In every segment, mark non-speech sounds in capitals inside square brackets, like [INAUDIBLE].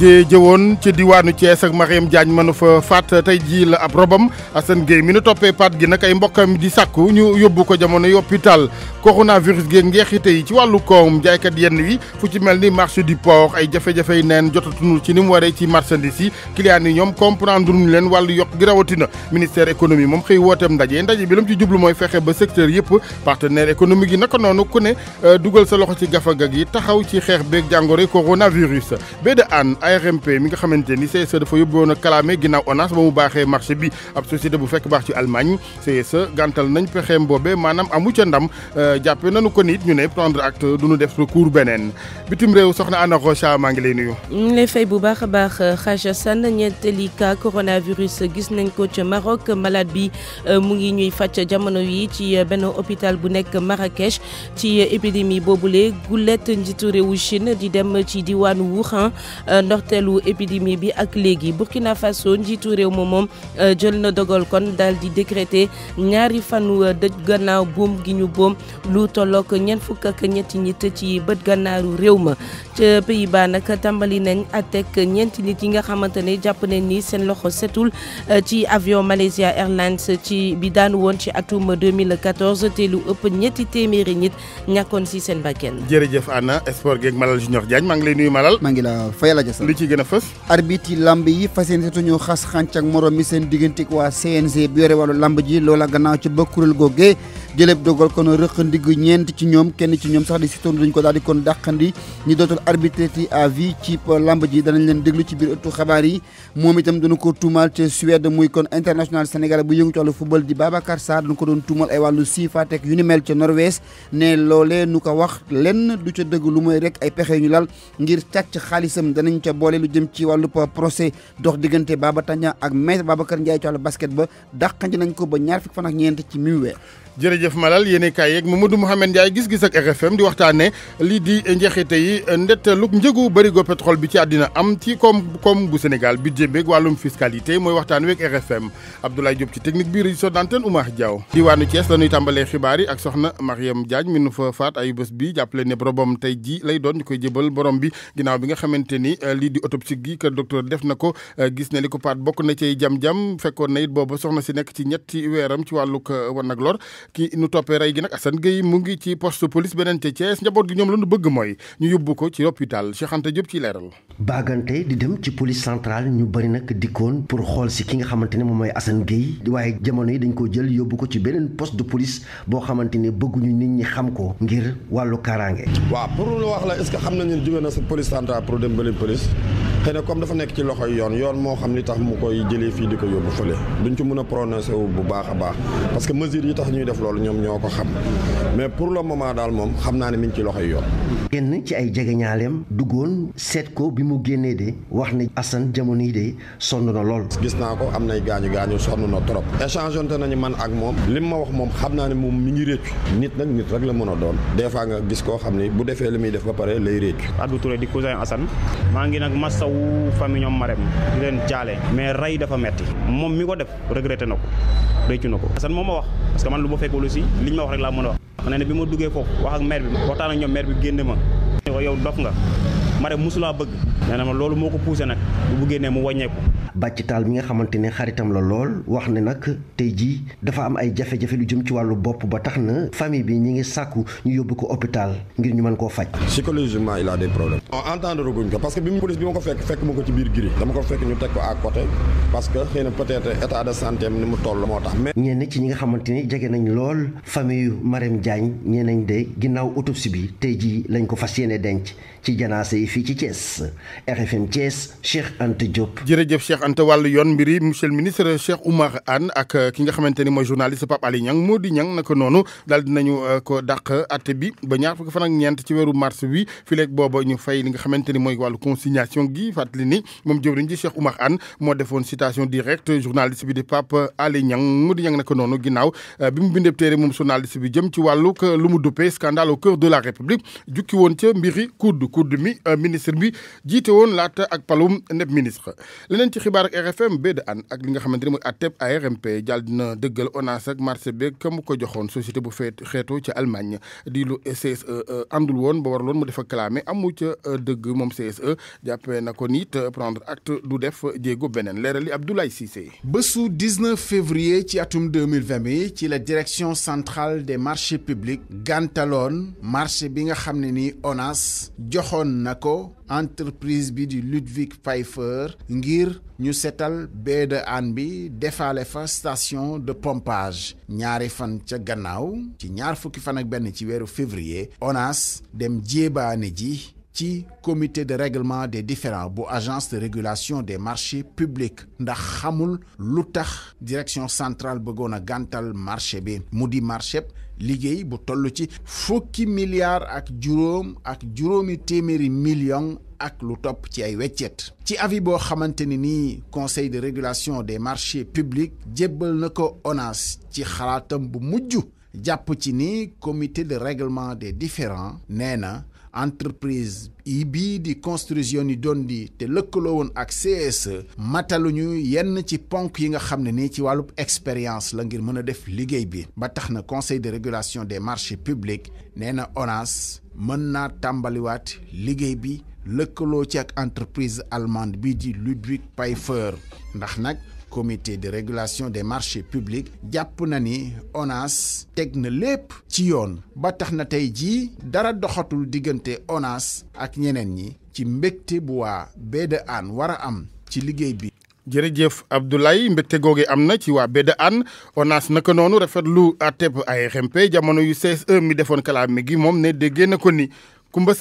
jë jëwoon ci diwaanu Thiès ak Mariam Diagne mënu fa faat tey jii la ab robam Assane Gueye mi nu toppee paat gi nag ay mbokkam di sàkku ñu yóbbu ko jamono yi hôpital coronavirus geeg njeexite yi ci wàllu koom jaaykat yenn wi fu ci mel ni marché du port ay jafe-jafey nen jotatunul ci ni mu waree ci marchandise yi clients yi ñoom comprendre ñu leen wàllu yokk gi rawatina ministère économie moom xëy wooteem ndaje ndaje bi lam ci jublu mooy fexe ba secteur yëpp partenaire économique yi naka noonu ku ne euh, dugal sa loxo ci gafaga gi taxaw ci xeex beeg jàngoro coronavirus ARMP mi nga xamante ni CSE dafa yóbbuwoon a kalaame ginnaaw ONAS ba mu baaxee marché bi ab société bu fekk baax ci Allemagne CSE gàntal nañ pexeem boobe maanaam amu ca ndam euh, jàppe nañu ko nit ñu ne prendre acte du ñu def recours beneen bitim réew soxna Anna bu baax a baax Xaja euh, San coronavirus gis nañ ko ca Maroc malade bi euh, mu ngi ñuy fàcc jamono yi ci benn hôpital bu nekk Marrakech ci épidémie boobule gulet njiitu réewu Chine di dem ci diwaanu Wuhan ndox ndorteelu épidémie bi ak léegi Burkina Faso njiitu réew ma moom euh, jël na dogal kon daal di décréter ñaari fanu euh, dëj gannaaw boom gi ñu boom lu tollook ñeent fukk ñetti nit ci bët gannaaru réew ma ca Pays-Bas nag tàmbali nañ atek ñeenti nit yi nga xamante ne jàpp ne ni seen loxo setul euh, ci avion Malaysia Airlines ci bi daan woon ci atum 2014 te lu ëpp ñetti téeméeri nit ñàkkoon si seen bakkan jërëjëf Anna sport geeg Malal Junior Diagne maa ngi lay maa ngi la fayal a li ci gën a fës yi lamb yi fas yéene xas xànc morom mi seen digganteeg waa CNG bi yore wàllu lamb ji loola gannaaw ci ba kuréel googee jëleeb dogal kon rëqandigu ñeent ci ñoom kenn ci ñoom sax di si toon dañ ko daal di kon dàqandi ñi dootul arbitrati à vie ci lamb ji danañ leen déglu ci biir ëttu xabaar yi moom itam dana ko tuumal ca Suède muy kon international sénégal bu yëngu ci wàllu football di Babacar Sarr dañ ko doon tuumal ay wàllu siifaateeg yu ni mel ca Norvège ne loolee nu ko wax lenn du ca dëgg lu mooy rek ay pexe ñu lal ngir càcc xaalisam danañ ca boole lu jëm ci wàllu procès dox diggante Baba Tandian ak maître Babacar Ndiaye ci basket ba dàqandi nañ ko ba ñaar fukki fan ak ci mi weer jërëjëf Malal yéenay kaay yeeg Mamadou mohamed Ndiaye gis-gis ak RFM di waxtaanee li di njeexite yi ndet ndetteelu njëgu go pétrole bi ci adina am ci koom-koom bu Sénégal budget beeg walum fiscalité mooy waxtaan weeg RFM Abdoulaye Diop ci technique bi région d'antenne Oumar Diaw. di diwaanu Thiès la ñuy tambalé xibaari ak soxna Mariam diaj mi nu fa faat ay bés bi jàppale né borom tay ji lay doon ñukoy jëbël borom bi ginaaw bi nga xamanteni euh, li di autopsie gi kër docteur def nako ko euh, gis ne li ko paat na ci jam-jam fekkoon na it bobu soxna si nek ci ñetti weeram ci wàllug euh, won ak lor kii nu toppee rey gi nag Assane Gueye mu ngi ci poste police beneen ca Thiès njaboot gi ñoom la bëgg mooy ñu yóbbu ko ci hôpital Cheikh Anta ci leeral baagante di dem ci police centrale ñu bëri nag dikkoon pour xool si ki nga xamante ne moom mooy Assane Gueye waaye jamono yi dañ ko jël yóbbu ko ci beneen poste de police boo xamante ne bëgguñu nit ñi xam ko ngir wàllu kaaraange waaw pour lu wax la est xam nañu jóge na sa police centrale pour dem beneen xëy na comme dafa nekk ci yi yoon yoon moo xam li tax mu koy jëlee fii di ko yóbbu fële duñ ci mën a prononcé wu bu baax a baax parce que mesures yi tax ñuy def loolu ñoom ñoo ko xam mais pour le moment daal moom xam naa ne mi ngi ci loxoy yoon. génn ci ay jegeñaaleem duggoon seet ko bi mu génnee de wax ne Assane jamono yi de sonn na lool. gis naa ko am nay gaañu gaañu sonn na trop échangeante nañu man ak moom lim ma wax moom xam naa ne moom mi ngi réccu nit nag nit rek la mën a doon des fois nga gis koo xam ne bu defee li muy def ba pare lay réccu. Abdou Touré di cousin Assane maa ngi nag massa aw famille ñoom Marème di leen jaale mais rey dafa metti moom mi ko def regretté na ko réccu na ko Assane moom ma wax parce man lu ma fekkul aussi li ñu ma wax rek laa mën a wax ne ne bi ma duggee foofu wax ak maire bi waxtaan ak ñoom maire bi génne ma ne ko yow dof nga mare musula bëgg nee ma loolu moo ko poussé nag bu bu génnee mu wàññeeku bàcc taal mi nga xamante xaritam la lool wax ne nag tey jii dafa am ay jafe-jafe lu jëm ci wàllu bopp ba tax na famille bi ñi ngi sàkku ñu yóbbu ko hôpital ngir ñu mën koo faj psychologiquement il a des problèmes on entendre guñ ko parce que bi police bi ma fekk fekk mu ci biir giri dama ko fekk ñu teg ko à côté parce que xëy na peut-être état de santé am ni mu toll moo tax mais ñenn ci ñi nga xamante ne jege nañ lool famille Marème Diagne ñee nañ de ginnaaw autopsie bi tey jii lañ ko fas denc ci janaase fii ci Thiès RFM Thiès Cheikh Anta Diop. jërëjëf Cheikh Anta wàllu yoon mbiri monsieur le ministre Cheikh Oumar Anne ak euh, ki nga xamante ni mooy journaliste Pape Ali Niang moo di Niang naka noonu daal dinañu euh, ko dàq atte bi ba ñaar fukki fan ak ñeent ci weeru mars bi fileeg booba ñu fay li nga xamante ni mooy wàllu consignation gi fàttali ni moom jëwriñ ji Cheikh Oumar Anne moo defoon citation directe journaliste bi di Pape Ali Niang moo di Niang naka noonu ginnaaw euh, bi mu bindee téere moom journaliste bi jëm ci wàllug lu mu duppee scandale au cœur de la République jukki woon ca mbiri kudd kudd mi ministre bi jité won laata ak palum nepp ministre lenen ci xibaar ak RFM ba de an ak li nga xamanteni ni atep ARMP jàll dina ONAS ak marché beeg mu ko joxone société bu fet xeetu ci Allemagne di lu CSE euh, andul won ba waraloon mu def clamé amu ci euh, deug mom CSE jappé na ko nit prendre acte du def jéego benen leeral Abdoulaye Cissé. bésu 19 février ci atum 2020 ci la direction centrale des marchés publics gantalone marché bi nga xamné ni ONAS joxone na entreprise bi di Ludwig Pfeiffer ngir ñu sétal baie de bi defaale fa station de pompage ñaari fan ca gannaaw ci ñaar fukki fan ak ci février ONAS dem jéebaane ji ci comité de règlement des différends bu agence de régulation des marchés publics ndax xamul lutax direction centrale bëggoon gantal marché bi marché liggéey bu toll ci fukki milliards ak juróom ak juróomi téeméeri millions ak lu topp ci ay weccet ci ni conseil de régulation des marchés publics jébbal na ko ONAS ci xalaatam bu mujj jàpp ci ni comité de règlement des différents nee entreprise ibi de di construction yi doon di te lëkkaloo woon ak CSE mataluñu yenn ci ponk yi nga xam ne nii ci wàllub expérience la ngir mën a def liggéey bi ba tax na conseil de régulation des marchés publics nena ONAS mën naa tàmbaliwaat liggéey bi lëkkaloo ci ak entreprise allemande bi di Ludwig Pfeiffer ndax nag comité de régulation des marchés publics Diapunani ONAS teg lepp ci yoon ba dara doxatul digante ONAS ak ñeneen ñi ci An bu BDAN war am ci liggéey bi. jërëjëf Abdoulaye mbégte googe am na ci waa BDAN ONAS naka noonu rafetlu àtteb ARMP jamono yu CSE mi defoon kalaame gi ne déggee na ko ni Kumba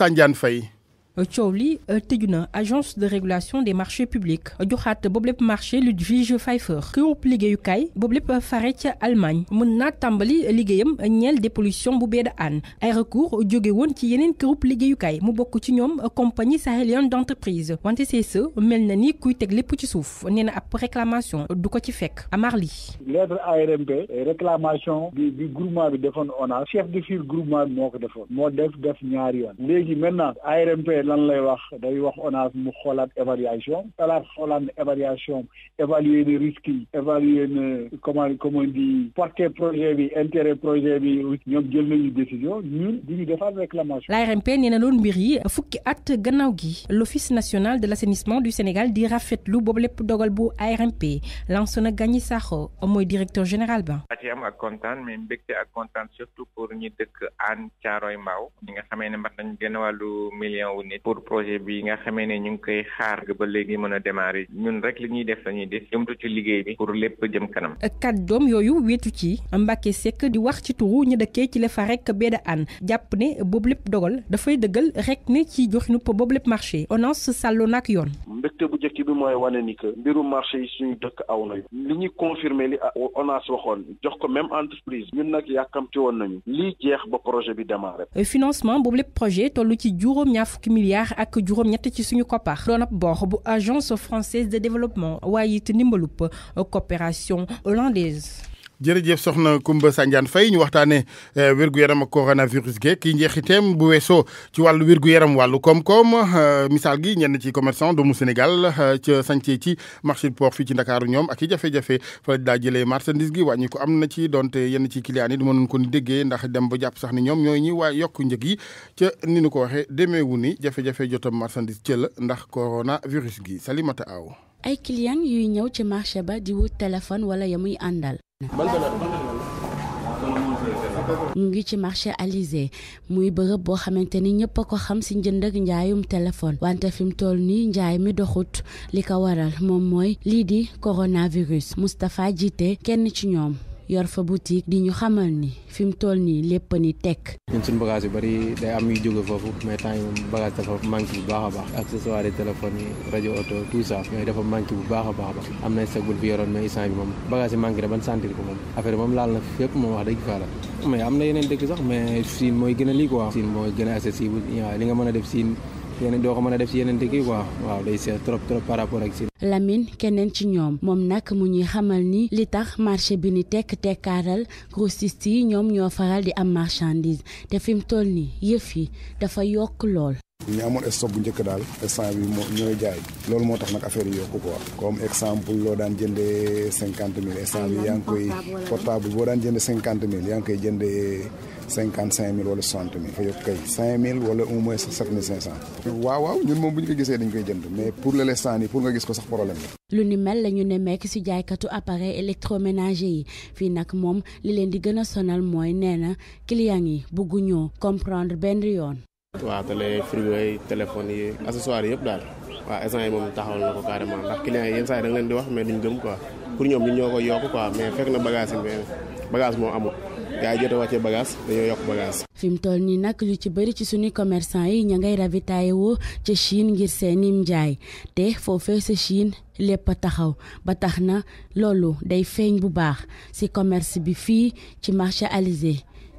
Tchouli, euh, li euh, agence de régulation des marchés publics joxaat Boblep marché Ludwig Pfeiffer groupe Ligue boblep lépp fare Allemagne mën Tambali tàmbali Niel des dépollution bu beeda aan ay recours jóge woon ci groupe liggéeyukaay mu euh, compagnie sahélienne d'entreprise. entreprise wante CSE mel na ni kuy teg réclamation du ko ci lettre réclamation du groupe groupement bi on a chef de file groupement de moo ko de def def Légi, maintenant ARMB, lan lay wax day wax ONAS mu xoolaat évaluation talaat xoolaat évaluation évaluer ne risques yi évaluer ne comment comment dit porter projet bi intérêt projet bi ñom jël nañu décision ñun di ñu defaat réclamation l'ARMP nee na loon mbir yi fukki at gannaaw gi l'office national de l'assainissement du Sénégal di rafetlu boobu lepp dogal bu ARMP na Gagny saxo moy directeur général ba ati am ak kontaan mais mbégte ak content surtout pour ñi dëkk an Thiaroye Mbao ñi nga xamé ne mat nañu gën a millions. million nit pour projet bi nga xamee ne ñu ngi koy xaar ba léegi mën a démarrer ñun rek li ñuy def dañuy des jëmtu ci liggéey bi pour lépp jëm kanam kàddoom yooyu wéetu ci Mbacke Seck di wax ci turu ñu dëkkee ci la fa rek beeda an jàpp ne boobu lépp dogal dafay dëggal rek ne ci jox nu boobu lépp marché onance sàlloo nak yoon mbégte bu njëkk bi mooy wane ni que mbiru marché yi suñu dëkk aw na li ñu confirmer li onance waxoon jox ko même entreprise ñun nag yàkkamti woon nañu lii jeex ba projet bi démarré financement boobu lépp projet tollu ci juróom ñaar fukki milliards ak juróom-ñett ci suñu koppar doon ab agence française de développement waaye it coopération hollandaise jërëjëf soxna Koumba Sandiane Faye ñu waxtaanee euh, wér-gu-yaram a coronavirus ge ki njeexiteem bu weesoo ci wàllu wér-gu-yaram wàllu koom-koom euh, misaal gi ñenn ci commerçant doomu Sénégal euh, ca sànce ci marché port fii ci Ndakaaru ñoom ak i jafe-jafe fa daa jëlee marchandise gi wàññi ko am na ci donte yenn ci clients yi du mënoon ko déggee ndax dem ba jàpp sax ni ñoom ñooy ñi waa yokk njëg yi ca ni nu ko waxee demeewu ni jafe-jafe jotam marchandise ca la ndax coronavirus gi Salimata Aw ay clients yuy ñëw ci marché ba di wut téléphone wala ya muy àndal mu ngi ci marché Alizé muy bërëb boo xamante ni ñëpp a ko xam ci njënd njaayum telefon wante fi toll ni njaay mi doxut li ko waral moom mooy lii di coronavirus Moustapha jiite kenn ci ñoom. yor fa boutique di ñu xamal ni fi mu toll nii lépp ni tekk. ñun suñu bagage yu bari day am yu jóge foofu mais temps yi moom bagage dafa manqué bu a baax accessoires bu baax a ba am na sag bu fi yoroon mais instant bi moom bagage yi sentir ko moom affaire moom laal na fépp moom wax dëgg faa la am na yeneen dëkk sax mais Siin mooy gën a lii quoi. Siin mooy gën a accessible li nga mën a def Siin yeneen doo ko mën a def si yeneen dëkk yi quoi waaw day seet trop trop par ak si. Lamine keneen ci ñoom moom nag mu ñuy xamal ni li tax marché bi ni tekk tekkaaral grossistes yi ñoom ñoo faral di am marchandise te fi mu toll nii yëf yi dafa yokk lool. ñu amoon stock bu njëkk daal instant bi moo ñooy jaay loolu moo tax nag affaire yi yokku quoi comme exemple loo daan jëndee cinquante mille instant bi yaa ngi koy portable boo daan jëndee cinquante mille yaa ngi koy jëndee cinquante cinq mille wala soixante mille fa yokk kay cinq mille wala au moins sept mille cinq cent waaw waaw ñun moom bu ñu ko gisee dañ koy jënd mais pour le l'instant nii pour nga gis ko sax problème la lu ni mel la ñu ne mekk si jaaykatu appareil électroménager yi fii nag moom li leen di gën a sonal mooy nee na client yi bugguñoo comprendre benn yoon waaw télé frigo yi téléphone yi accessoires yëpp daal waaw instant yi moom taxaw na ko carrément ndax client yenn saa yi leen di wax mais duñ gëm quoi pour ñoom ñu ñoo ko yokk quoi mais fekk na bagage yi bagage moo amul gaa yi jot a wàccee bagage dañoo yokk bagage. fi mu toll nii nag lu ci bëri ci suñu commerçant yi ña ngay ravitaillé woo ca Chine ngir seeni njaay te foofee sa Chine lépp a taxaw ba tax na loolu day feeñ bu baax ci commerce bi fii ci marché Alizé.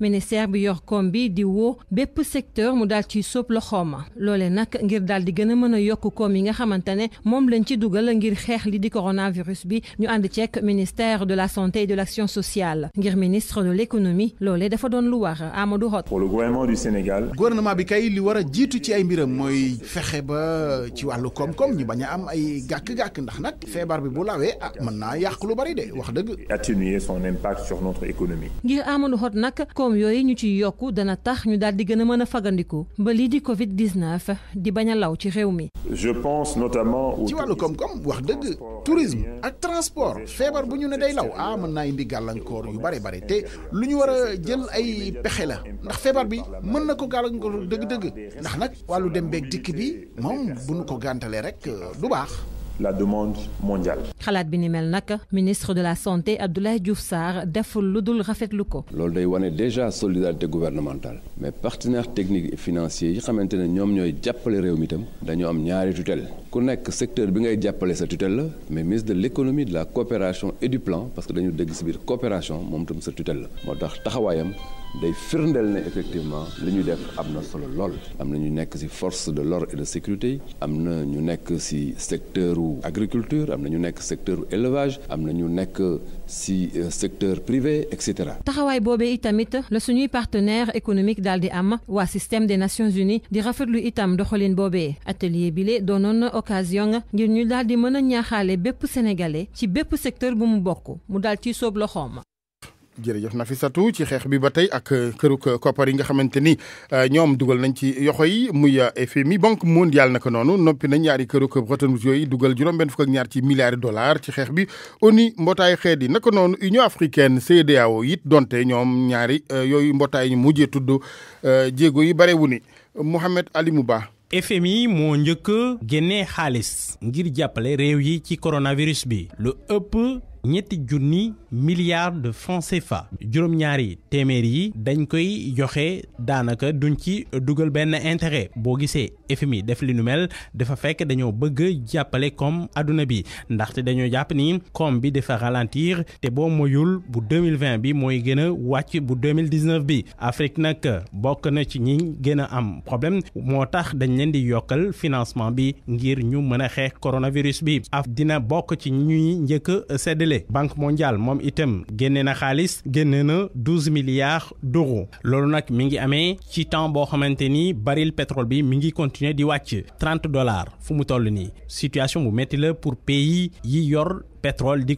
ministère bi yor koom bi di wo bépp secteur mu dal ci sóob loxoom loole nak ngir dal di gën a mën a yokk koom yi nga xamantane ne moom lañ ci dugal ngir xeex li di coronavirus bi ñu ànd ceeg ministère de la santé et de l'action sociale ngir ministre de l'économie loole dafa doon lu war Amadou Hott. gouvernement du Sénégal. gouvernement bi kay li war a jiitu ci ay mbiram mooy fexe ba ci wàllu koom-koom ñu bañ a am ay gàkk-gàkk ndax nag feebar bi bu lawee ah mën naa yàq lu bari de wax dëgg. atténuer son impact sur notre économie. ngir Amadou Hott nag. koom yooyu ñu ci yokk dana tax ñu daal di gën a mën a fagandiku ba lii di Covid 19 di bañ a law ci réew mi. je pense notamment ci wàllu koom-koom wax dëgg tourisme ak transport feebar bu ñu ne day law ah mën naa indi gàllankoor yu bare bare te lu ñu war a jël ay pexe la ndax feebar bi mën na ko gàllankoor dëgg-dëgg ndax nag wàllu dem beeg dikk bi moom bu nu ko gàntalee rek euh, du baax. la demande mondiale. Khalad Binimel Naka, ministre de la santé Abdoulaye Diouf Sar, deful Rafet Rafet Louko. est day déjà solidarité gouvernementale mais partenaires techniques et financiers yi xamante ne ñoom ñooy jàppale réew mi itam dañoo am ñaari tutelle ku nekk secteur bi ngay jàppale sa tutelle la mais ministre de l'économie de la coopération et du plan parce que dañu dégg si biir coopération moom tam sa tutelle la moo tax taxawaayam day firndeel ne effectivement li ñu def am na solo lool am na ñu nekk si force de l'ordre et de sécurité yi am na ñu nekk si secteur agriculture am na ñu nekk secteur élevage am na ñu nekk si euh, secteur privé etc. Taxaway Bobé itamit le partenaire économique daal di am waa système des nations unies di rafetlu itam doxalin Bobé, atelier bi lé une occasion ngir ñu daal di mën bépp sénégalais ci bépp secteur bu mu bokku. mu daal ciy soob loxoom. jërëjëf Nafisatu ci xeex bi ba tey ak euh, këruk euh, koppar yi nga xamante ni euh, ñoom dugal nañ ci yoxo yi muy FMI banque mondiale naka noonu noppi nañ ñaari këruk Bretton Woods yooyu dugal juróom-benn fukk ak ñaar ci milliards dollars ci xeex bi ONU mbootaayu xeet yi naka noonu Union africaine CEDEAO it donte ñoom ñaari yooyu mbootaay ñu mujjee tudd jéego yi barewu ni Mouhamed Ali Mouba FMI moo njëkk génnee xaalis ngir jàppale réew yi ci coronavirus bi lu ëpp ñetti junni milliards de francs CFA juroom ñaari témèr yi dañ koy joxé danaka duñ ci dugal ben intérêt bo gissé FMI def li nu mel dafa fekk dañoo bëgg jappalé comme aduna bi ndaxte dañoo japp ni comme bi dafa ralentir té bo moyul bu 2020 bi moy gëna wacc bu 2019 bi Afrique nak bok na ci ñi gëna a am problème motax dañ leen di yokal financement bi ngir ñu mëna a coronavirus bi af dina bok ci ñuy njëkk sedd banque mondiale mom item, génne na xaalis 12 milliards d'euros lolu nak mi ngi amé ci temps baril pétrole bi mi ngi continuer di wacc 30 dollars fu situation bu metti le pour pays yi yor pétrole di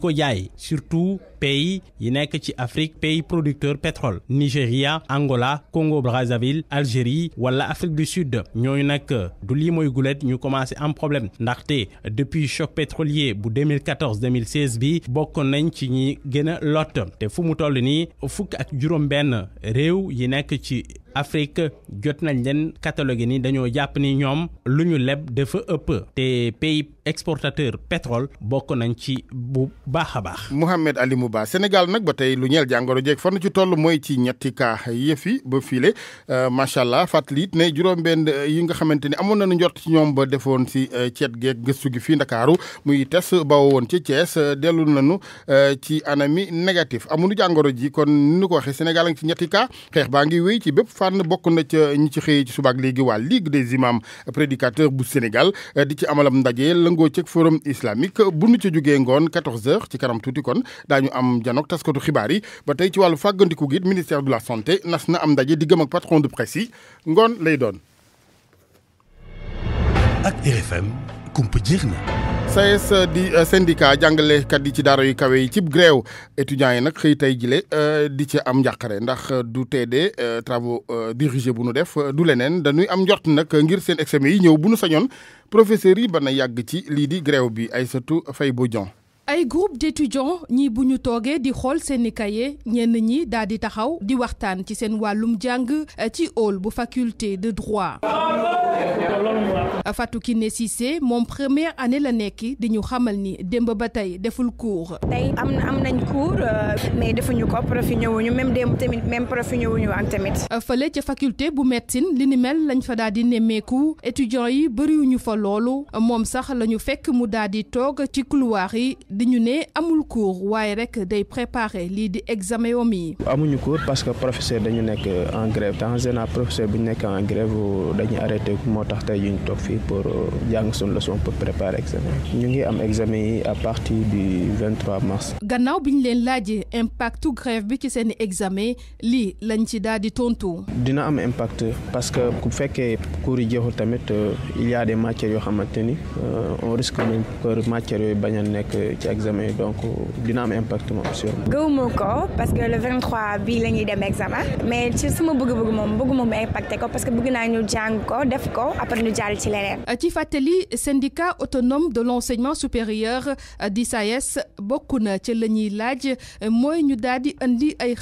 surtout pays yi nekk ci Afrique pays producteur pétrole Nigeria, Angola Congo Brazzaville Algérie wala Afrique du Sud ñooñu nag du lii mooy gulet ñu commencé am problème ndaxte depuis choc pétrolier bu 2014 2016 bi bokk nañ ci ñi gën a lot te fu mu toll nii fukk ak juróom-benn réew yi nekk ci. Afrique jot nañ leen catalogue ni dañoo jàpp ni ñoom lu ñu leb dafa ëpp te pays exportateur pétrole bokk nañ ci bu baax a baax. Mouhamed Ali Touba Sénégal nag ba tey lu ñeel jàngoro jeeg fan ci toll mooy ci ñetti cas yëfi ba fiile euh, macha allah fàttali it ne juróom-benn euh, yi nga xamante ni amoon nañu njort ci ñoom ba defoon si euh, ceet geeg gëstu gi fii Ndakaaru muy test bawoo woon ci Thiès dellu nañu ci anami négatif amuñu jàngoro ji kon ni ko waxee Sénégal a ngi ci ñetti cas xeex baa ngi wéy ci bépp fànn bokk na ca ñi ci xëyee ci subaak léegi waa Ligue de imams prédicateurs bu Sénégal di ci amalam ndaje lëngoo ci forum islamique bu ci jugee ngoon 14h ci kanam tuuti kon am janook taskatu xibaar yi ba tey ci wàllu fàggandiku gi ministère de la santé nas na am ndaje diggam ak patron de presse yi ngoon lay doon. ak RFM kumpa jeex na. SAES di euh, syndicat jàngalekat yi ci daara yu kawe yi cib grève étudiants yi nag xëy tey jile euh, di ci am njaqare ndax euh, du teede travaux dirigés bu nu def du leneen dañuy am njort nag ngir seen examen yi ñëw bu nu sañoon professeurs yi ba na yàgg ci lii di grève bi Aïssatou Faye Bodian ay groupe d'étudiants ñi buñu di xol cahier ñen ñi taxaw faculté de droit Fatou Kiné Cissé moom première année la nekk di ñu xamal ni démb ba tey deful cours. tey am na am nañ cours euh, mais defuñu ko prof ñëwuñu même démb tamit même prof ñëwuñu waan tamit. Euh, fële ca faculté bu médecine li mel lañ fa daal di nemmeeku étudiants yi bëriwuñu fa loolu moom sax la ñu fekk mu daal di toog ci couloir yi di ñu ne amul cours waaye rek day préparer lii di examen yom yi. amuñu cours parce que professeur dañu nekk en grève te en général bu ñu nekk en grève dañuy arrêté moo tax tey ñu toog fii fii pour euh, jang suñu leçon pour préparer examen ñu ngi am examen yi à partir du 23 mars. gannaaw bi ñu leen laajee impactu grève bi ci seen examen li lañ ci daal di tontu. dina am impact parce que bu fekkee cours yi jeexul tamit euh, il y a des matières yoo xamante ni euh, on risque même que matières yooyu bañ a nekk ci examen yi donc dina am impact moom sûrement. gëwuma ko parce que le 23 bi la ñuy dem examen mais ci suma bëgg-bëgg moom bëgguma mu impacté ko parce que bëgg naa ñu jàng ko def ko après ñu jàll ci leen. Atifateli, euh, syndicat autonome de l'enseignement supérieur euh, disais bokuna e bokk lage, ci la andi laaj euh, mooy ñu daal di ay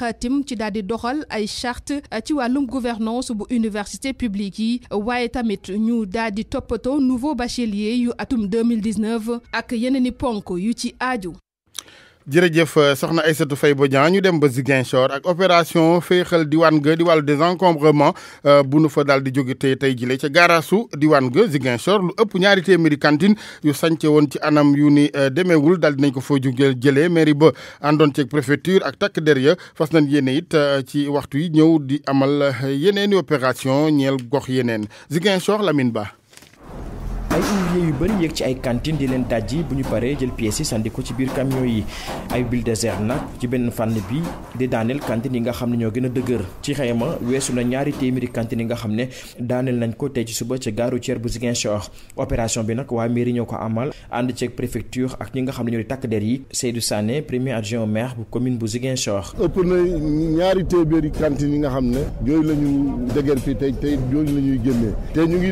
ci gouvernance bu université publique waitamit waaye topoto, ñu nouveau bachelier yu atum 2019 ak yeneni ponko yu ci jërëjëf euh, soxna fait Faye ñu dem ba Ziguinchor ak opération féexal diwaan ga di Nous désencombrement euh, bu nu fa daal di jóge tey tey jile ca garasu diwaan ga Ziguinchor lu ëpp ñaari téeméeri cantine yu woon ci anam yu ni euh, demeewul daal dinañ ko fa ba préfecture ak fas nañ ci waxtu yi di amal opération gox Ziguinchor ouvrier yu bëri yéeg ci ay cantine di leen dajji bu ñu paree jël pièces yi ci biir camion yi ay bulldozer nag ci benn fànn bi di daaneel cantine yi nga xam ne ñoo gën a dëgër ci xayma weesu na ñaari téeméeri cantine yi nga xam ne daaneel nañ ko tey ci suba ca gaaru routière bu Ziguinchor opération bi nag waa mairie ñoo ko amal ànd ceeg préfecture ak ñi nga xam ne ñoo di takk der yi Seydou Sané premier adjoint au maire bu commune bu Ziguinchor. ëpp na ñaari téeméeri cantine yi nga xam ne yooyu la ñu dëgër fii tey la ñuy génnee te ñu ngi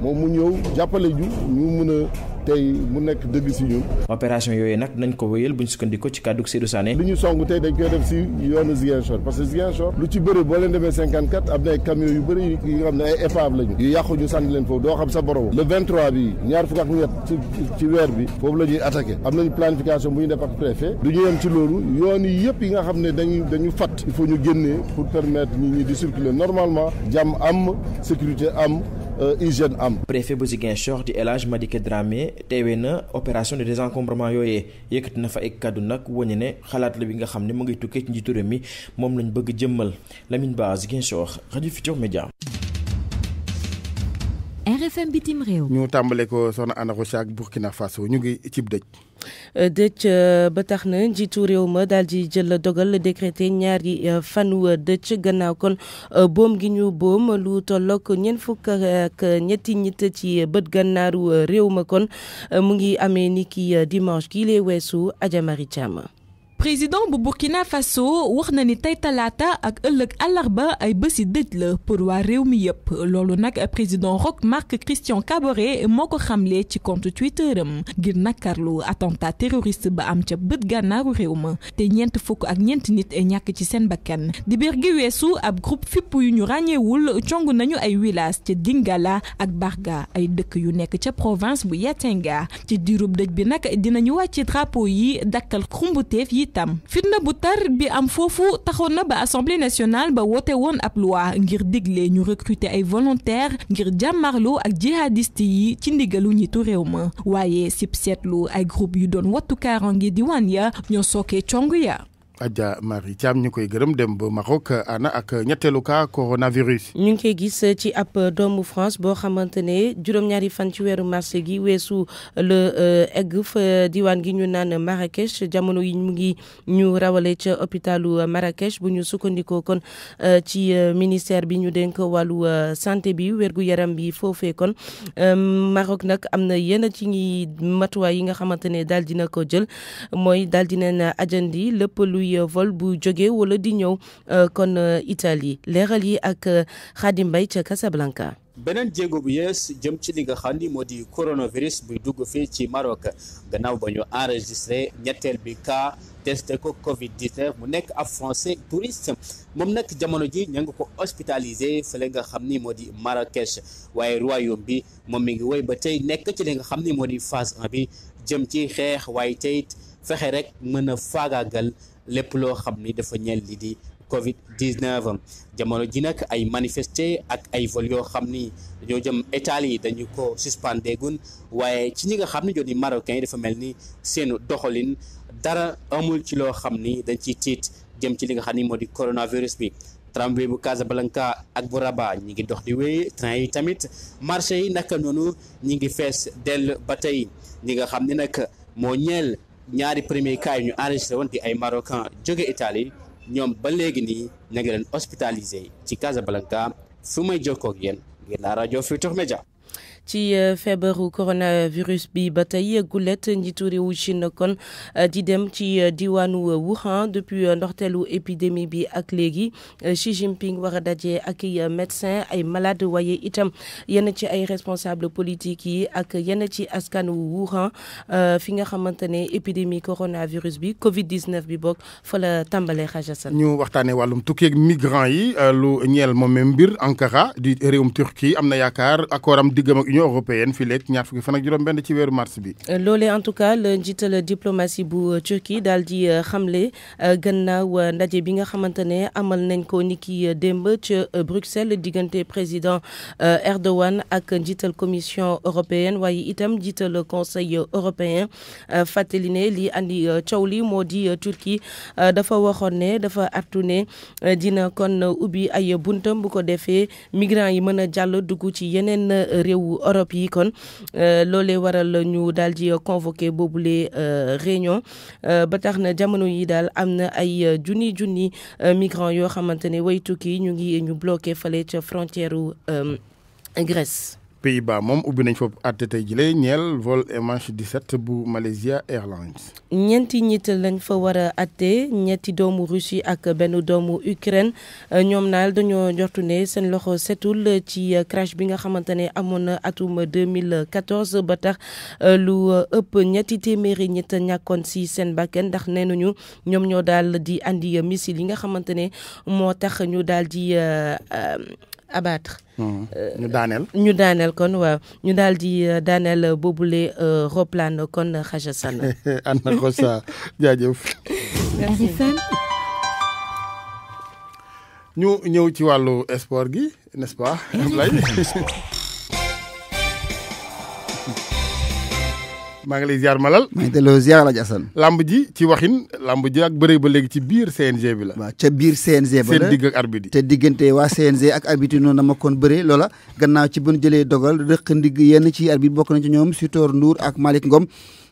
moom mu ñëw jàppale ju ñu mën a tey mu nekk dëgg si ñun. opération yooyu nag nañ ko wéyal buñ sukkandiko ci kàddu Seydou Sané. li ñu song tey dañ koy def si yoonu Ziguinchor parce que Ziguinchor lu ci bëri boo leen demee 54 am na ay camions yu bëri yi nga xam ne ay épave lañu. yu yàqu ñu sànni leen foofu doo xam sa borom. le 23 bi ñaar fukk ak ñett ci ci weer bi foofu la ñuy attaqué am nañu planification bu ñu def ak préfet. du ñu yem ci loolu yoon yi yëpp yi nga xam ne dañuy dañu fat il faut ñu génnee pour permettre nit ñi di circuler normalement jam am sécurité am. hygiène euh, am. préfet bu Ziguinchor di El Hadj Madické Dramé teewee na opération de désencombrement yooyee yëkkati na fa ay kàddu nag wone ne xalaat la bi nga xam ne mu ngi tukkee ci njiitu réew mi moom lañ bëgg jëmmal Lamine Ba Ziguinchor fi Futurs Médias. RFM bitim réew. ñu tàmbale ko soxna Anna Rochak Burkina Faso ñu ngi cib dëj. Euh, dëcc euh, ba tax na njiitu réew ma daal di jël dogal décrété ñaari euh, fanu dëcc gannaaw kon boom gi ñu boom lu tollook ñeent fukk ak ñetti nit ci bët gànnaaru réew ma kon mu ngi amee ni ki dimanche kii lay weesu Adja Marie président bu Burkina Faso wax na ni tey talaata ak ëllëg àllarba ay bési dëj la pour waa réew mi yëpp loolu nag président Roch Marc Christian Kaboré moo ko xamle ci compte Twitter am ngir nakarlu attentat terroriste ba am ca bët gànnaaru réew ma te ñeent fukk ak ñeent nit ñàkk ci seen bakkan di biir gi weesu ab groupe fipp yu ñu ràññeewul cong nañu ay wilaas ca Dingala ak Barga ay dëkk yu nekk ca province bu Yatenga ci diirub dëj bi nag dinañu wàcce drapeau yi dakkal xumbuteef Fidna fitna bi am foofu na ba assemblée nationale ba woté woon ab loi ngir digle ñu recruter ay volontaire ngir jàmmarloo ak jihadiste yi ci ndigalu ñitu réew ma waaye sib ay groupe yu Adja Marie Thiam ñu koy gërëm dem ba Maroc ana ak ñetteelu cas coronavirus. ñu ngi koy gis ci ab doomu France boo xamante ne juróom-ñaari fan ci weeru mars gi weesu le euh, egg fa diwaan gi ñu naan Marrakech jamono yi mu ngi ñu rawale ca hôpitalu Marrakech bu ñu sukkandikoo kon euh, ci euh, ministère bi ñu denk wàllu santé bi wérgu yaram bi foofe kon Maroc nag am na yenn ci ñi matuwaay yi nga xamante ne daal dina ko jël mooy daal dinañ ajandi lépp ay vol bu jóge wala di ñëw euh, kon euh, Italie leeral yi ak Xadim euh, Mbay ca Casablanca. beneen jéego bu yees jëm ci li nga xam ni moo di coronavirus buy dugg fii ci Maroc gannaaw ba ñu enregistré ñetteel bi ka test ko Covid 19 mu nekk ab français touriste moom nag jamono ji ña ngi ko hospitalisé fële nga xam ni moo di Marrakech waaye royaume bi moom mi ngi woy ba tey nekk ci li nga xam ni moo di phase bi jëm ci xeex waaye tey fexe rek mën faagaagal. lépp loo xam ni dafa ñeel li di covid 19 jamono ji nag ay manifesté ak ay vol yoo xam ni dañoo jëm Italie yi dañu ko suspendé gun waaye ci ñi nga xam ne jot yi marocain yi dafa mel ni seenu doxalin dara amul ci loo xam ni dañ ciy tiit jëm ci li nga xam ni moo di coronavirus bi tramway bu Casablanca ak bu Rabat ñi ngi dox di wéy train yi tamit marché yi naka noonu ñi ngi fees dell ba tey ñi nga xam ni nag moo ñeel ñaari premier cas yi ñu enregistré woon di ay marocain jóge itali ñoom ba léegi nii ñu leen hospitalisé ci Casablanca fu may jokkoo ak yéen ngir la rajo Futurs Médias ci euh, feebaru coronavirus bi ba tey gulet njiitu réewu Chine kon euh, di dem ci euh, diwaanu Wuhan depuis ou épidémie bi ak léegi Xi Jinping war a ak médecin ay malade waaye itam yenn ci ay responsable politique yi ak yenn ci askanou Wuhan fi nga xamante ne épidémie coronavirus bi Covid 19 bi bokk fa la tàmbalee xajasan ñu waxtaanee wàllum tukkeeg migrants yi lu ñeel moom mbir Ankara di réewum Turquie am na yaakaar accord am diggam Union européenne fi ci mars bi. Euh, en tout cas la njiital diplomatie bu euh, Turquie daal di euh, xamle gannaaw ndaje bi nga xamante ne amal nañ ko ni ki démb Bruxelles diggante président Erdogan ak njiital commission européenne waaye itam njiital conseil européen Fateline, li andi chauli modi moo Turquie dafa waxoon ne dafa dina kon ubi ay buntam bu ko defee migrants yi mën a jàll dugg ci Europe yi kon euh, waral ñu daal convoquer convoqué lé euh, réunion euh, ba tax na jamono yi dal amna ay juni juni migrants yo xamante way tukki ñu ngi ñu bloquer falé ci frontière Grèce Pays-Bas Mom ubi nañ foofu àtte tay jilé ñeel vol MH17 bu Malaysia Airlines. Ñenti nit lañ fa wara atté ñetti doomu Russie ak benn doomu Ukraine ñom naal dañu jortune seen loxo setul ci crash bi nga xamante ne atum 2014 ba tax lu ëpp ñetti téméré ñitt ñakkon ci seen bakkan ndax nee nañu ñoom ñoo dal di andi missile yi nga xamante mo tax ñu dal di. Euh, euh, abattre. Hum. Euh, ñu Daniel. ñu Daniel, kon wa. ñu di euh, euh, kon [LAUGHS] n'est-ce pas [LAUGHS] maa ngi lay ziar Malal. maa ngi delloo ziar la Assane. lamb ji ci waxin lamb ji ak bëree ba léegi ci biir CNG bi la. waaw ca biir CNG ba la seen digg te diggante waa CNG ak arbitre noon na dama kon bëree loola gannaaw ci bu ñu jëlee dogal rëq ndigg yenn ci arbitre bokk nañ ci ñoom Sitor Ndour ak Malick Ngom.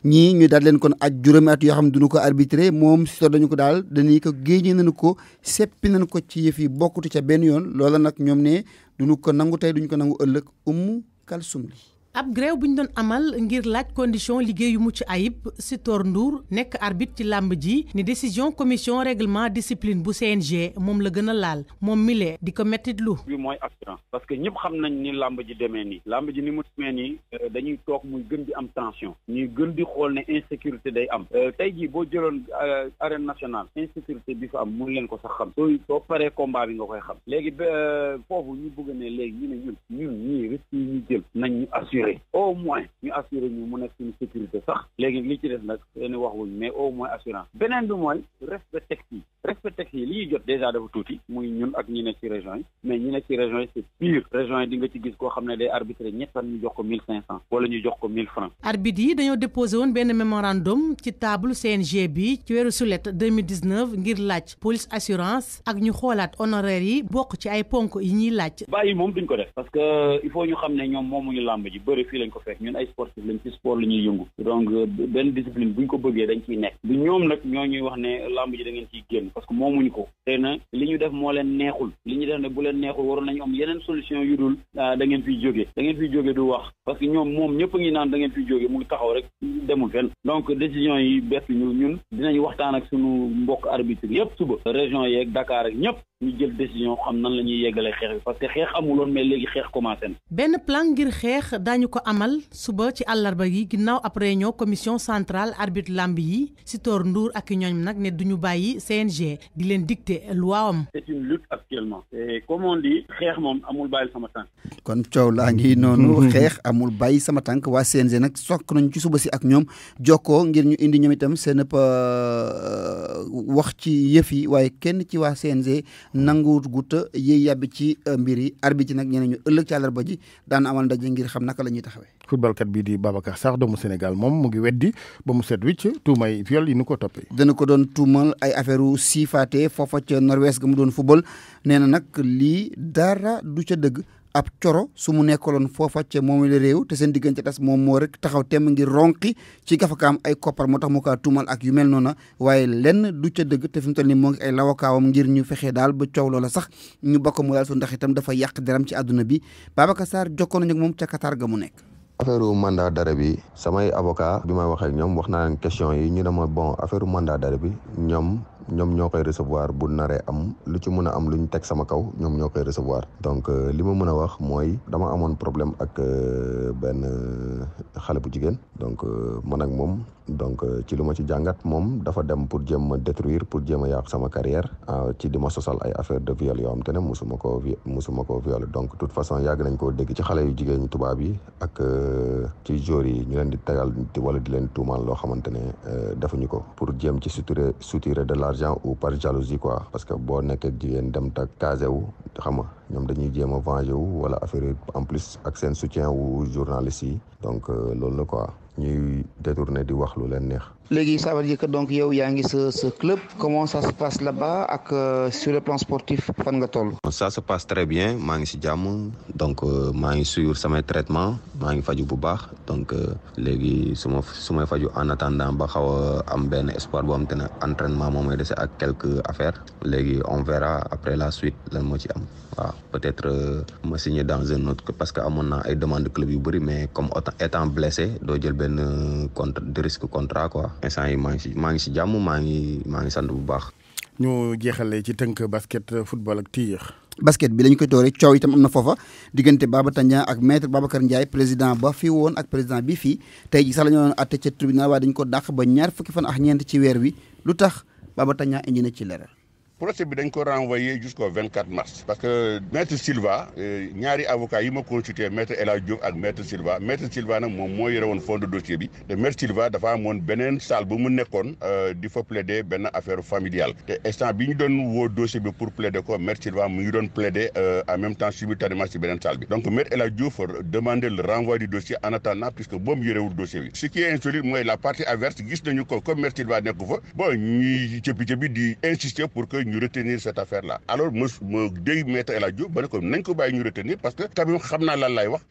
ñii ñu daal leen kon aj juróomi at yoo xam ne duñu ko arbitré moom Sitor dañu ko daal dañuy ko géejee nañu ko seppi nañu ko ci yëf yi bokkutu ca benn yoon loola nag ñoom ne duñu ko nangu tey duñu ko nangu ëllëg umu kalsum ab grève buñ doon amal ngir laaj condition liggéey yu mucc ayib Sitor Ndour nekk arbitre ci làmb ji ni décision commission règlement discipline bu CNG moom la gën a laal moom mile di ko mettit lu bi mooy accident parce que ñëpp xam nañ ni làmb ji demee nii làmb ji ni mu demee nii euh, dañuy toog muy gën di am tension ñuy gën di xool ne insécurité day am euh, tey jii boo jëloon euh, arène nationale insécurité bi fa am mun leen ko sax xam sooy soo paree combat bi nga koy xam léegi foofu ñu bëgg ne léegi ñu ne ñun ñun ñii risque yi ñu jël nañ ñu assurer au moins ñu assurer ñu mu nekk suñu sécurité sax léegi li ci def nag seeni wax mais au moins assurance beneen bi mooy respect texte yi respect texte yi li ñuy jot déjà dafa tuuti muy ñun ak ñi nekk ci région yi mais ñi nekk ci région yi c'est pire région yi di nga ci gis koo xam ne day arbitrer ñett ñu jox ko mille cinq cent wala ñu jox ko mille francs arbitre yi dañoo déposé woon benn mémorandum ci table CNG bi ci weeru sulet 2019 ngir laaj police assurance ak ñu xoolaat honoraires yi bokk ci ay ponk yi ñuy laaj bàyyi moom duñ ko def parce que euh, il faut ñu xam ne ñoom moomuñu làmb ji bëri fii lañ ko fekk ñun ay sportif lañ ci sport la ñuy yëngu donc euh, benn discipline buñ ko bëggee dañ ciy nekk du ñoom nag ñoo ñuy wax ne lamb ji da ngeen ciy génn parce que moomuñu ko li ñu def moo leen neexul li ñu def ne bu leen neexul waroon nañu am yeneen solution yu dul ah, da ngeen fiy jógee da ngeen fiy jógee du wax parce que ñoom moom ñëpp a ngi naan da ngeen fiy jógee mu ngi taxaw rek demul fenn donc décision yi bett ñu ñun dinañ waxtaan ak suñu mbokk arbitre yëpp suba région yeeg Dakar ak ñëpp ñu jël décision xam nan la ñuy yeggale xeex bi parce que xeex amuloon mais léegi xeex commencé na. benn plan ngir xeex daañu ko amal suba ci àllarba yi ginnaaw ab réunion commission centrale arbitre lamb yi Sitor Ndour ak ñooñu nag ne duñu bàyyi CNG di leen dicter luwaawam. c'est une lutte actuellement. et comme on dit xeex moom amul bàyyi sama tànk. kon coow laa ngi noonu. [LAUGHS] xeex amul bàyyi sama tànk waa CNG nag sokk nañu ci suba si ak ñoom jokkoo ngir ñu indi ñoom itam seen euh, wax ci yëf yi waaye kenn ci waa CNG. nanguwut gutta yiy yàbbi ci euh, mbir yi ci nag ñeneen ñu ëllëg ci àllarba ji daan amal ndaje ngir xam naka la ñuy taxawee footballkat bii di Babacar Sarr doomu Sénégal moom mu ngi weddi ba mu set wicc tuumay viol yi nu ko toppee dana ko doon tuumal ay affaire u siifaate foofa ca Norvège ga mu doon football nee na nag lii daara du ca dëgg ab coro su mu nekkaloon foofa ca moom la réew te seen diggante tas moom moo rek taxaw temm ngir ronqi ci gafakaam ay koppar moo tax mu kaa tuumal ak yu mel noona waaye lenn du dëgg te fi mu ni moo ngi ay lawakaawam ngir ñu fexe daal ba coow loola sax ñu bakko mu daal su ndax itam dafa yàq deram ci àdduna bi Babacar Sarr jokkoon nañu ak moom ca Qatar ga mu nekk affaire u mandat bi samay avocat bi may waxee ñoom wax naa leen question yi ñu ne ma bon affaire u mandat bi ñoom nyom nyokai koy recevoir bu naree am lu ci am luñ teg sama kaw nyom nyokai koy recevoir donc euh, lima ma mën a wax mooy dama amoon problème ak euh, benn euh, xale bu jigéen donc man ak moom donc ci lu ci dafa dem pour ma détruire pour jéem a sama carrière ah, ci di sosal ay affaire de viol yoo xam te ne musuma ko musuma ko viol donc toute façon yàgg nañ koo dégg ci xale yu jigéen ñi tubaab yi ak ci joor ñu leen di tegal wala di leen tuumaal loo xamante ne defuñu pour jéem ci de l'argent ou par jalousie quoi parce que boo nekkee jigéen dem ta casé wu xam dañuy venger wala affaire en plus ak sen soutien ou journaliste donc euh, loolu la quoi ñuy détourné di wax lu léegi ça veut dire que donc yow yaa ngi sa club comment ça se passe là-bas ak sur le plan sportif fan nga toll. ça se passe très bien maa ngi si donc euh, maa suivre samay traitement maa faju bu baax donc léegi su ma faju en attendant ba xaw am benn espoir bu am te entraînement moo may ak quelques affaires léegi on verra après la suite lan moo ci am waaw peut être euh, ma signé dans un autre parce que amoon naa ay demande club yu bëri mais comme étant blessé doo jël benn euh, contre de risque contrat quoi instant yi maa ngi si maa ngi si jàmm maa ngi maa ngi bu baax. ñu jeexalee ci tënk basket football ak tiir. basket bi lañ ñu koy dooree coow itam am na foofa diggante Baba Tandian ak maître Babacar Ndiaye président ba fi woon ak président bi fii tey ji sax la ñu doon atte ca tribunal waaye dañu ko dàq ba ñaar fukki fan ak ñeent ci weer wi lu tax Baba Tandian indi na ci leeral. procès bi dañ ko renvoyé jusqu'au 24 mars parce que maître Silva euh, ñaari avocat yi ma consulté, maître Eladio, et maître Silva maître Silva nak mom moo yore fond de dossier bi de maître Silva dafa amoon benen salle bu mu euh, di fa plaider ben affaire familiale et instant bi ñu doon wo dossier bi pour plaider ko maître Silva mu ñu doon plaider euh, en même temps simultanément ci la salle bi donc maître Eladio a demander demandé le renvoi du dossier en attendant puisque boobu yorewul dossier bi ce qui est insolite moy la partie adverse gis nañu ko comme maître Silva nekk fa bon ñuy cëppi di insister pour que ñu retenir cette affaire là alors ma ma déy maître El Hadj ma ne ko nañ ko retenir parce que quand wax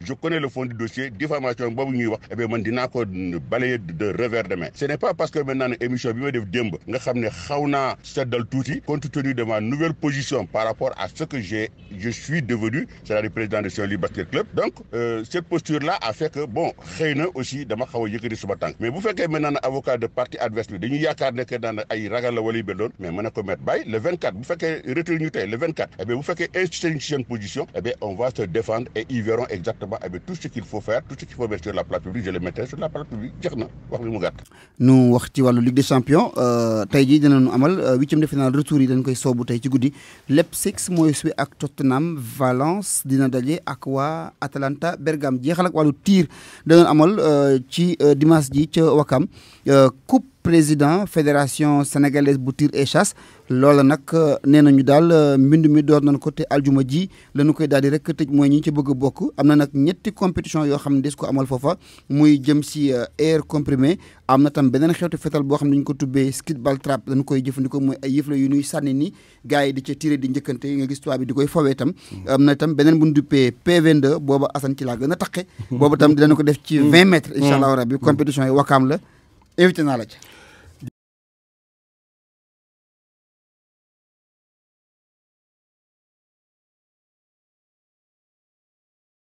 je connais le fond du dossier diffamation boobu ñuy wax eh bien man dinaa ko balayer de revers de main ce n'est pas parce que maintenant émission bi ma def démb nga xam ne xaw naa seddal compte tenu de ma nouvelle position par rapport à ce que j'ai je suis devenu c'est-à-dire président de ce Basket Club donc euh, cette posture là a fait que bon xëy na aussi dama xaw a yëkkati suma tànk mais bu fekkee maintenant avocat de parti adverse bi dañuy yaakaar ne que ay ragal la wala yu mais maintenant comme ko mettre 24 bu fekkee retenu le 24 eh bien bu faites institution seen position eh bien on va se défendre et ils verront exactement eh bien tout ce qu'il faut faire tout ce qu'il faut mettre sur la place publique je le mettrai sur la place publique Nous na wax bi wax ci Ligue des champions euh, tey jii dinañu amal euh, huitième de finale retour yi dañ koy soobu tey ci lepsix, Leipzig mooy suy ak Tottenham Valence dina Aqua, Atalanta Bergame jeexal ak le tir danañ amal euh, ci dimanche ji Wakam coupe président fédération sénégalaise bu tir et chasse loola nak euh, nenañu dal daal euh, mbind mi door nañ ko te aljuma ji lañu koy dal di rek tej moy ñi ci bëgg bokk am ñetti compétition yo xamne ne des ko amal fofa muy jëm si euh, air comprimé amna tam benen xewtu fétal bo xamne ñu ko tubé skid trap dañ koy jëfëndiko mooy ay yëf yu ñuy sanni ni gaay di ci tiré di ñëkënte nga gis tubaab bi di koy fawee tam mm. amna tam benen bu ñu P22 booba Assane ci la gëna a mm. bobu tam dinañu ko def ci 20 mm. mètres Inshallah, allahu rabbi compétition yi wakaam la invité na la ci